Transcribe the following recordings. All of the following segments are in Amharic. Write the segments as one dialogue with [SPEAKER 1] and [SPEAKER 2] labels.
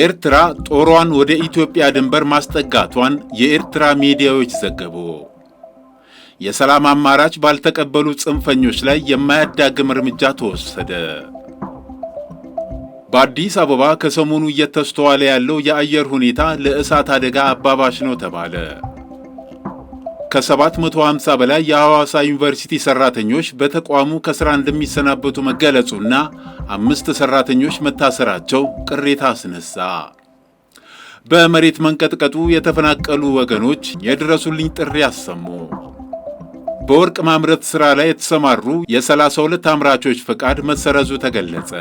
[SPEAKER 1] ኤርትራ ጦሯን ወደ ኢትዮጵያ ድንበር ማስጠጋቷን የኤርትራ ሚዲያዎች ዘገቡ። የሰላም አማራጭ ባልተቀበሉ ጽንፈኞች ላይ የማያዳግም እርምጃ ተወሰደ። በአዲስ አበባ ከሰሞኑ እየተስተዋለ ያለው የአየር ሁኔታ ለእሳት አደጋ አባባሽ ነው ተባለ። ከ750 በላይ የሐዋሳ ዩኒቨርሲቲ ሰራተኞች በተቋሙ ከስራ እንደሚሰናበቱ መገለጹና አምስት ሰራተኞች መታሰራቸው ቅሬታ አስነሳ። በመሬት መንቀጥቀጡ የተፈናቀሉ ወገኖች የድረሱልኝ ጥሪ አሰሙ። በወርቅ ማምረት ሥራ ላይ የተሰማሩ የ32 አምራቾች ፈቃድ መሰረዙ ተገለጸ።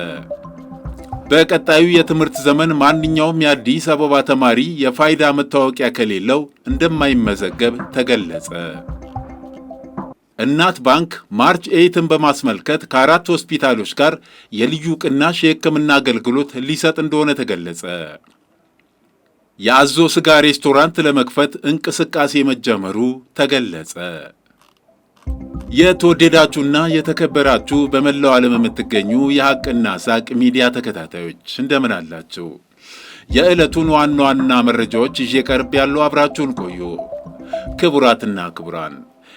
[SPEAKER 1] በቀጣዩ የትምህርት ዘመን ማንኛውም የአዲስ አበባ ተማሪ የፋይዳ መታወቂያ ከሌለው እንደማይመዘገብ ተገለጸ። እናት ባንክ ማርች ኤይትን በማስመልከት ከአራት ሆስፒታሎች ጋር የልዩ ቅናሽ የሕክምና አገልግሎት ሊሰጥ እንደሆነ ተገለጸ። የአዞ ስጋ ሬስቶራንት ለመክፈት እንቅስቃሴ መጀመሩ ተገለጸ። የተወደዳችሁና የተከበራችሁ በመላው ዓለም የምትገኙ የሐቅና ሳቅ ሚዲያ ተከታታዮች እንደምን አላችሁ? የዕለቱን ዋና ዋና መረጃዎች ይዤ ቀርብ ያለው አብራችሁን ቆዩ። ክቡራትና ክቡራን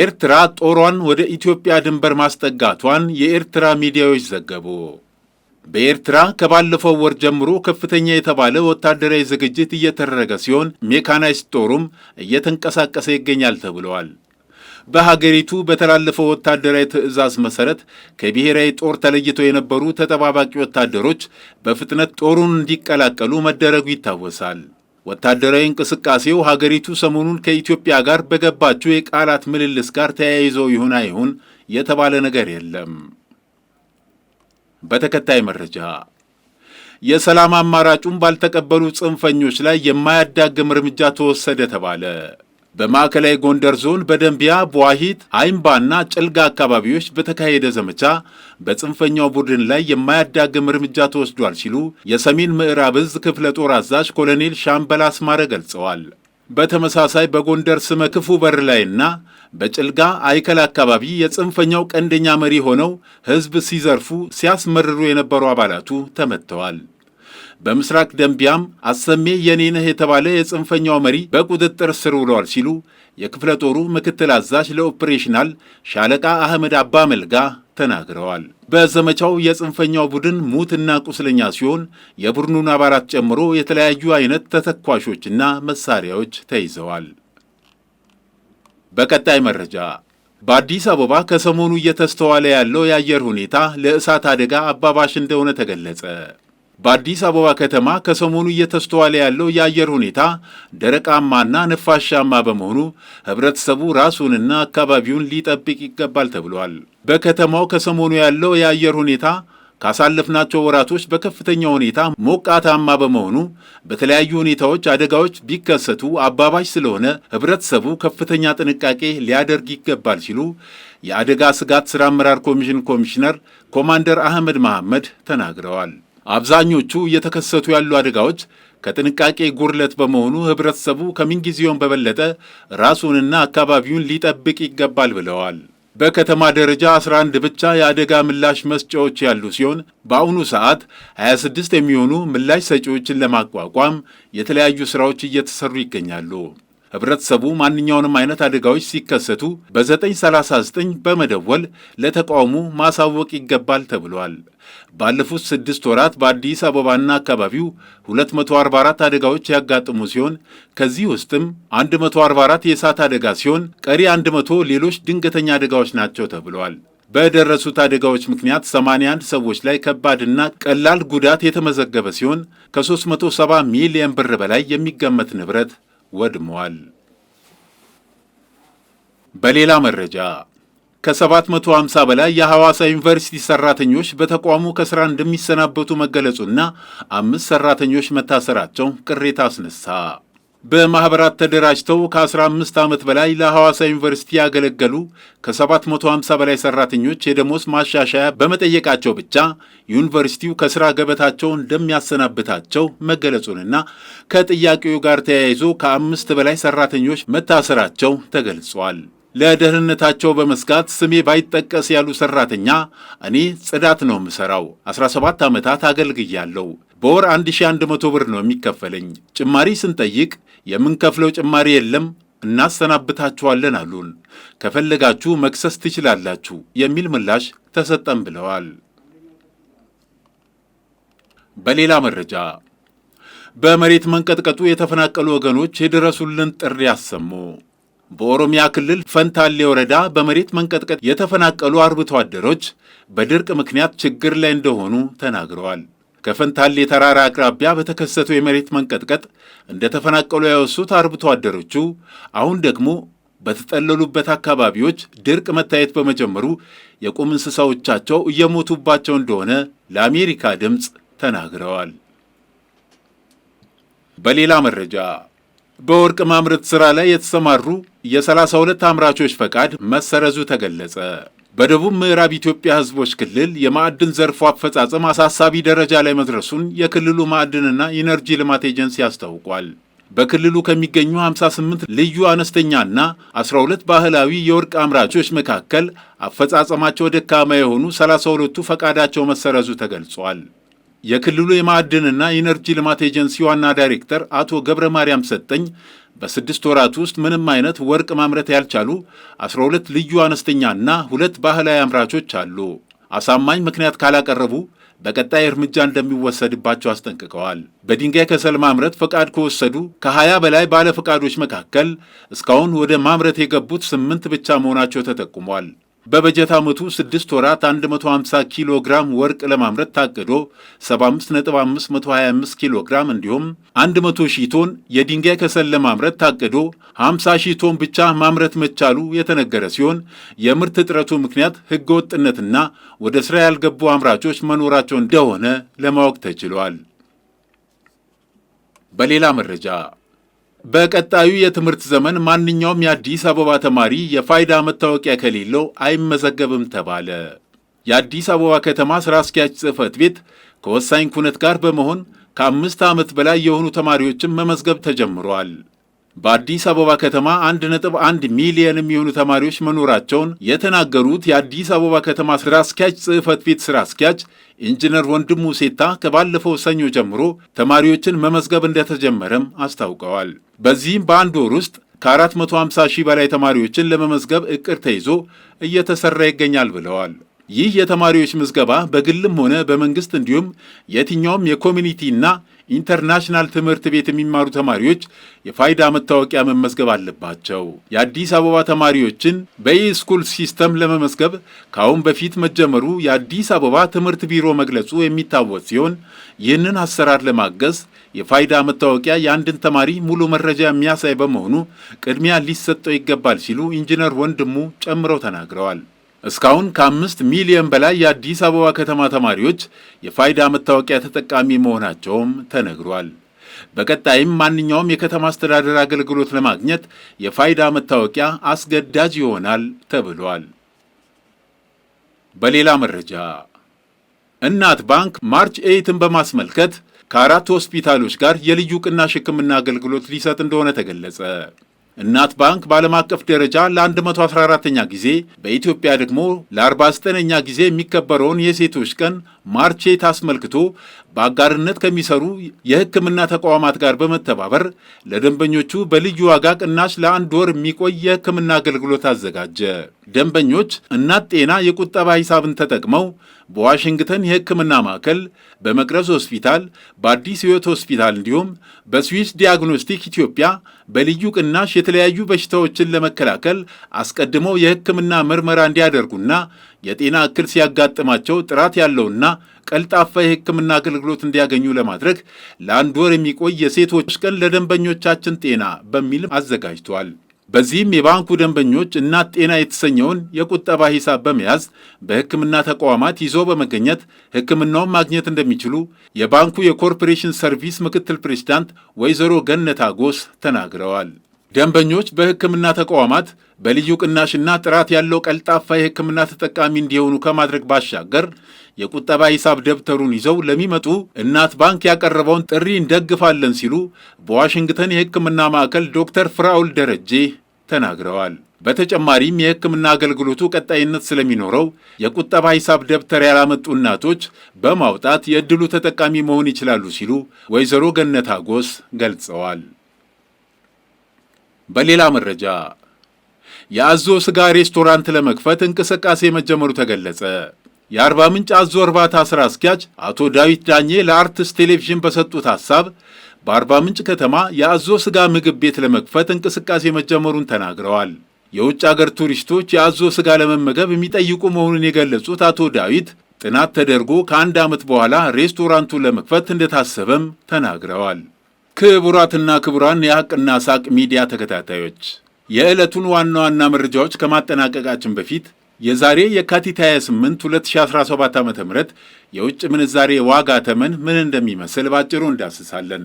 [SPEAKER 1] ኤርትራ ጦሯን ወደ ኢትዮጵያ ድንበር ማስጠጋቷን የኤርትራ ሚዲያዎች ዘገቡ። በኤርትራ ከባለፈው ወር ጀምሮ ከፍተኛ የተባለ ወታደራዊ ዝግጅት እየተደረገ ሲሆን ሜካናይዝ ጦሩም እየተንቀሳቀሰ ይገኛል ተብለዋል። በሀገሪቱ በተላለፈው ወታደራዊ ትዕዛዝ መሰረት ከብሔራዊ ጦር ተለይተው የነበሩ ተጠባባቂ ወታደሮች በፍጥነት ጦሩን እንዲቀላቀሉ መደረጉ ይታወሳል። ወታደራዊ እንቅስቃሴው ሀገሪቱ ሰሞኑን ከኢትዮጵያ ጋር በገባችው የቃላት ምልልስ ጋር ተያይዞ ይሁን አይሁን የተባለ ነገር የለም። በተከታይ መረጃ የሰላም አማራጩን ባልተቀበሉ ጽንፈኞች ላይ የማያዳግም እርምጃ ተወሰደ ተባለ። በማዕከላዊ ጎንደር ዞን በደንቢያ በዋሂት አይምባና ጭልጋ አካባቢዎች በተካሄደ ዘመቻ በጽንፈኛው ቡድን ላይ የማያዳግም እርምጃ ተወስዷል ሲሉ የሰሜን ምዕራብ እዝ ክፍለ ጦር አዛዥ ኮሎኔል ሻምበል አስማረ ገልጸዋል። በተመሳሳይ በጎንደር ስመ ክፉ በር ላይና በጭልጋ አይከል አካባቢ የጽንፈኛው ቀንደኛ መሪ ሆነው ሕዝብ ሲዘርፉ ሲያስመርሩ የነበሩ አባላቱ ተመትተዋል። በምስራቅ ደንቢያም አሰሜ የኔነህ የተባለ የጽንፈኛው መሪ በቁጥጥር ስር ውሏል ሲሉ የክፍለ ጦሩ ምክትል አዛዥ ለኦፕሬሽናል ሻለቃ አህመድ አባ መልጋ ተናግረዋል። በዘመቻው የጽንፈኛው ቡድን ሙትና ቁስለኛ ሲሆን የቡድኑን አባላት ጨምሮ የተለያዩ አይነት ተተኳሾችና መሳሪያዎች ተይዘዋል። በቀጣይ መረጃ በአዲስ አበባ ከሰሞኑ እየተስተዋለ ያለው የአየር ሁኔታ ለእሳት አደጋ አባባሽ እንደሆነ ተገለጸ። በአዲስ አበባ ከተማ ከሰሞኑ እየተስተዋለ ያለው የአየር ሁኔታ ደረቃማና ነፋሻማ በመሆኑ ህብረተሰቡ ራሱንና አካባቢውን ሊጠብቅ ይገባል ተብሏል። በከተማው ከሰሞኑ ያለው የአየር ሁኔታ ካሳለፍናቸው ወራቶች በከፍተኛ ሁኔታ ሞቃታማ በመሆኑ በተለያዩ ሁኔታዎች አደጋዎች ቢከሰቱ አባባሽ ስለሆነ ህብረተሰቡ ከፍተኛ ጥንቃቄ ሊያደርግ ይገባል ሲሉ የአደጋ ስጋት ሥራ አመራር ኮሚሽን ኮሚሽነር ኮማንደር አህመድ መሐመድ ተናግረዋል። አብዛኞቹ እየተከሰቱ ያሉ አደጋዎች ከጥንቃቄ ጉድለት በመሆኑ ህብረተሰቡ ከምንጊዜውም በበለጠ ራሱንና አካባቢውን ሊጠብቅ ይገባል ብለዋል። በከተማ ደረጃ 11 ብቻ የአደጋ ምላሽ መስጫዎች ያሉ ሲሆን በአሁኑ ሰዓት 26 የሚሆኑ ምላሽ ሰጪዎችን ለማቋቋም የተለያዩ ስራዎች እየተሰሩ ይገኛሉ። ህብረተሰቡ ማንኛውንም አይነት አደጋዎች ሲከሰቱ በ939 በመደወል ለተቃውሞ ማሳወቅ ይገባል ተብሏል። ባለፉት ስድስት ወራት በአዲስ አበባና አካባቢው 244 አደጋዎች ያጋጥሙ ሲሆን ከዚህ ውስጥም 144 የእሳት አደጋ ሲሆን ቀሪ 100 ሌሎች ድንገተኛ አደጋዎች ናቸው ተብሏል። በደረሱት አደጋዎች ምክንያት 81 ሰዎች ላይ ከባድና ቀላል ጉዳት የተመዘገበ ሲሆን ከ370 ሚሊየን ብር በላይ የሚገመት ንብረት ወድሟል። በሌላ መረጃ ከ750 በላይ የሐዋሳ ዩኒቨርሲቲ ሰራተኞች በተቋሙ ከስራ እንደሚሰናበቱ መገለጹና አምስት ሰራተኞች መታሰራቸው ቅሬታ አስነሳ። በማኅበራት ተደራጅተው ከ15 ዓመት በላይ ለሐዋሳ ዩኒቨርሲቲ ያገለገሉ ከ750 በላይ ሠራተኞች የደሞዝ ማሻሻያ በመጠየቃቸው ብቻ ዩኒቨርሲቲው ከሥራ ገበታቸው እንደሚያሰናብታቸው መገለጹንና ከጥያቄው ጋር ተያይዞ ከአምስት በላይ ሠራተኞች መታሰራቸው ተገልጿል። ለደህንነታቸው በመስጋት ስሜ ባይጠቀስ ያሉ ሰራተኛ እኔ ጽዳት ነው የምሰራው፣ 17 ዓመታት አገልግያለሁ። በወር 1100 ብር ነው የሚከፈለኝ። ጭማሪ ስንጠይቅ የምንከፍለው ጭማሪ የለም እናሰናብታችኋለን አሉን። ከፈለጋችሁ መክሰስ ትችላላችሁ የሚል ምላሽ ተሰጠን ብለዋል። በሌላ መረጃ በመሬት መንቀጥቀጡ የተፈናቀሉ ወገኖች የድረሱልን ጥሪ አሰሙ። በኦሮሚያ ክልል ፈንታሌ ወረዳ በመሬት መንቀጥቀጥ የተፈናቀሉ አርብቶ አደሮች በድርቅ ምክንያት ችግር ላይ እንደሆኑ ተናግረዋል። ከፈንታሌ ተራራ አቅራቢያ በተከሰተው የመሬት መንቀጥቀጥ እንደተፈናቀሉ ያወሱት አርብቶ አደሮቹ አሁን ደግሞ በተጠለሉበት አካባቢዎች ድርቅ መታየት በመጀመሩ የቁም እንስሳዎቻቸው እየሞቱባቸው እንደሆነ ለአሜሪካ ድምፅ ተናግረዋል። በሌላ መረጃ በወርቅ ማምረት ሥራ ላይ የተሰማሩ የ32 አምራቾች ፈቃድ መሰረዙ ተገለጸ። በደቡብ ምዕራብ ኢትዮጵያ ሕዝቦች ክልል የማዕድን ዘርፎ አፈጻጸም አሳሳቢ ደረጃ ላይ መድረሱን የክልሉ ማዕድንና ኢነርጂ ልማት ኤጀንሲ አስታውቋል። በክልሉ ከሚገኙ 58 ልዩ አነስተኛና 12 ባህላዊ የወርቅ አምራቾች መካከል አፈጻጸማቸው ደካማ የሆኑ 32ቱ ፈቃዳቸው መሰረዙ ተገልጿል። የክልሉ የማዕድንና የኢነርጂ ልማት ኤጀንሲ ዋና ዳይሬክተር አቶ ገብረ ማርያም ሰጠኝ በስድስት ወራት ውስጥ ምንም አይነት ወርቅ ማምረት ያልቻሉ 12 ልዩ አነስተኛና ሁለት ባህላዊ አምራቾች አሉ። አሳማኝ ምክንያት ካላቀረቡ በቀጣይ እርምጃ እንደሚወሰድባቸው አስጠንቅቀዋል። በድንጋይ ከሰል ማምረት ፈቃድ ከወሰዱ ከ20 በላይ ባለፈቃዶች መካከል እስካሁን ወደ ማምረት የገቡት ስምንት ብቻ መሆናቸው ተጠቁሟል። በበጀት ዓመቱ 6 ወራት 150 ኪሎ ግራም ወርቅ ለማምረት ታቅዶ 75525 ኪሎ ግራም እንዲሁም 100 ሺህ ቶን የድንጋይ ከሰል ለማምረት ታቅዶ 50 ሺህ ቶን ብቻ ማምረት መቻሉ የተነገረ ሲሆን የምርት እጥረቱ ምክንያት ሕገ ወጥነትና ወደ ሥራ ያልገቡ አምራቾች መኖራቸው እንደሆነ ለማወቅ ተችሏል። በሌላ መረጃ በቀጣዩ የትምህርት ዘመን ማንኛውም የአዲስ አበባ ተማሪ የፋይዳ መታወቂያ ከሌለው አይመዘገብም ተባለ። የአዲስ አበባ ከተማ ሥራ አስኪያጅ ጽሕፈት ቤት ከወሳኝ ኩነት ጋር በመሆን ከአምስት ዓመት በላይ የሆኑ ተማሪዎችን መመዝገብ ተጀምሯል። በአዲስ አበባ ከተማ አንድ ነጥብ አንድ ሚሊየን የሚሆኑ ተማሪዎች መኖራቸውን የተናገሩት የአዲስ አበባ ከተማ ስራ አስኪያጅ ጽህፈት ቤት ስራ አስኪያጅ ኢንጂነር ወንድሙ ሴታ ከባለፈው ሰኞ ጀምሮ ተማሪዎችን መመዝገብ እንደተጀመረም አስታውቀዋል። በዚህም በአንድ ወር ውስጥ ከ450 ሺህ በላይ ተማሪዎችን ለመመዝገብ እቅድ ተይዞ እየተሰራ ይገኛል ብለዋል። ይህ የተማሪዎች ምዝገባ በግልም ሆነ በመንግስት እንዲሁም የትኛውም የኮሚኒቲና ኢንተርናሽናል ትምህርት ቤት የሚማሩ ተማሪዎች የፋይዳ መታወቂያ መመዝገብ አለባቸው። የአዲስ አበባ ተማሪዎችን በኢስኩል ሲስተም ለመመዝገብ ከአሁን በፊት መጀመሩ የአዲስ አበባ ትምህርት ቢሮ መግለጹ የሚታወስ ሲሆን ይህንን አሰራር ለማገዝ የፋይዳ መታወቂያ የአንድን ተማሪ ሙሉ መረጃ የሚያሳይ በመሆኑ ቅድሚያ ሊሰጠው ይገባል ሲሉ ኢንጂነር ወንድሙ ጨምረው ተናግረዋል። እስካሁን ከአምስት ሚሊዮን በላይ የአዲስ አበባ ከተማ ተማሪዎች የፋይዳ መታወቂያ ተጠቃሚ መሆናቸውም ተነግሯል። በቀጣይም ማንኛውም የከተማ አስተዳደር አገልግሎት ለማግኘት የፋይዳ መታወቂያ አስገዳጅ ይሆናል ተብሏል። በሌላ መረጃ እናት ባንክ ማርች ኤይትን በማስመልከት ከአራት ሆስፒታሎች ጋር የልዩ ቅናሽ ሕክምና አገልግሎት ሊሰጥ እንደሆነ ተገለጸ። እናት ባንክ በዓለም አቀፍ ደረጃ ለ114ኛ ጊዜ በኢትዮጵያ ደግሞ ለ49ኛ ጊዜ የሚከበረውን የሴቶች ቀን ማርቼት አስመልክቶ በአጋርነት ከሚሰሩ የሕክምና ተቋማት ጋር በመተባበር ለደንበኞቹ በልዩ ዋጋ ቅናሽ ለአንድ ወር የሚቆይ የሕክምና አገልግሎት አዘጋጀ። ደንበኞች እናት ጤና የቁጠባ ሂሳብን ተጠቅመው በዋሽንግተን የሕክምና ማዕከል፣ በመቅረዝ ሆስፒታል፣ በአዲስ ሕይወት ሆስፒታል እንዲሁም በስዊስ ዲያግኖስቲክ ኢትዮጵያ በልዩ ቅናሽ የተለያዩ በሽታዎችን ለመከላከል አስቀድመው የሕክምና ምርመራ እንዲያደርጉና የጤና እክል ሲያጋጥማቸው ጥራት ያለውና ቀልጣፋ የሕክምና አገልግሎት እንዲያገኙ ለማድረግ ለአንድ ወር የሚቆይ የሴቶች ቀን ለደንበኞቻችን ጤና በሚል አዘጋጅቷል። በዚህም የባንኩ ደንበኞች እናት ጤና የተሰኘውን የቁጠባ ሂሳብ በመያዝ በሕክምና ተቋማት ይዞ በመገኘት ሕክምናውን ማግኘት እንደሚችሉ የባንኩ የኮርፖሬሽን ሰርቪስ ምክትል ፕሬዚዳንት ወይዘሮ ገነት አጎስ ተናግረዋል። ደንበኞች በሕክምና ተቋማት በልዩ ቅናሽና ጥራት ያለው ቀልጣፋ የሕክምና ተጠቃሚ እንዲሆኑ ከማድረግ ባሻገር የቁጠባ ሂሳብ ደብተሩን ይዘው ለሚመጡ እናት ባንክ ያቀረበውን ጥሪ እንደግፋለን ሲሉ በዋሽንግተን የሕክምና ማዕከል ዶክተር ፍራውል ደረጄ ተናግረዋል። በተጨማሪም የሕክምና አገልግሎቱ ቀጣይነት ስለሚኖረው የቁጠባ ሂሳብ ደብተር ያላመጡ እናቶች በማውጣት የዕድሉ ተጠቃሚ መሆን ይችላሉ ሲሉ ወይዘሮ ገነት አጎስ ገልጸዋል። በሌላ መረጃ የአዞ ስጋ ሬስቶራንት ለመክፈት እንቅስቃሴ መጀመሩ ተገለጸ። የአርባ ምንጭ አዞ እርባታ ስራ አስኪያጅ አቶ ዳዊት ዳኜ ለአርትስ ቴሌቪዥን በሰጡት ሐሳብ በአርባ ምንጭ ከተማ የአዞ ስጋ ምግብ ቤት ለመክፈት እንቅስቃሴ መጀመሩን ተናግረዋል። የውጭ አገር ቱሪስቶች የአዞ ስጋ ለመመገብ የሚጠይቁ መሆኑን የገለጹት አቶ ዳዊት ጥናት ተደርጎ ከአንድ ዓመት በኋላ ሬስቶራንቱን ለመክፈት እንደታሰበም ተናግረዋል። ክቡራትና ክቡራን የሐቅና ሳቅ ሚዲያ ተከታታዮች የዕለቱን ዋና ዋና መረጃዎች ከማጠናቀቃችን በፊት የዛሬ የካቲት 28 2017 ዓ ም የውጭ ምንዛሬ ዋጋ ተመን ምን እንደሚመስል ባጭሩ እንዳስሳለን።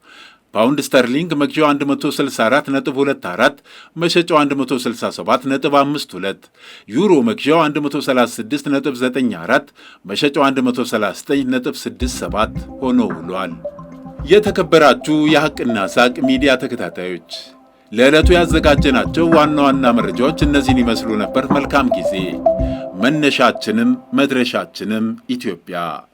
[SPEAKER 1] ፓውንድ ስተርሊንግ መግዣው 164.24 መሸጫው 167.52 ዩሮ መግዣው 136.94 መሸጫው 139.67 ሆኖ ውሏል። የተከበራችሁ የሐቅና ሳቅ ሚዲያ ተከታታዮች ለዕለቱ ያዘጋጀናቸው ዋና ዋና መረጃዎች እነዚህን ይመስሉ ነበር። መልካም ጊዜ። መነሻችንም መድረሻችንም ኢትዮጵያ።